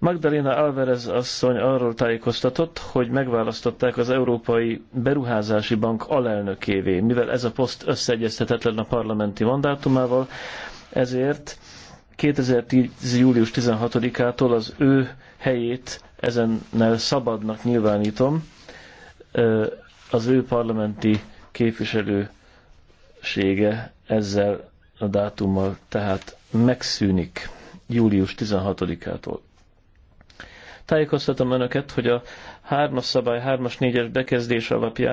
Magdalena Alvarez asszony arról tájékoztatott, hogy megválasztották az Európai Beruházási Bank alelnökévé, mivel ez a poszt összeegyeztetetlen a parlamenti mandátumával, ezért 2010. július 16-ától az ő helyét ezennel szabadnak nyilvánítom az ő parlamenti képviselősége ezzel a dátummal tehát megszűnik július 16-ától. Tájékoztatom önöket, hogy a hármas szabály, hármas négyes bekezdés alapján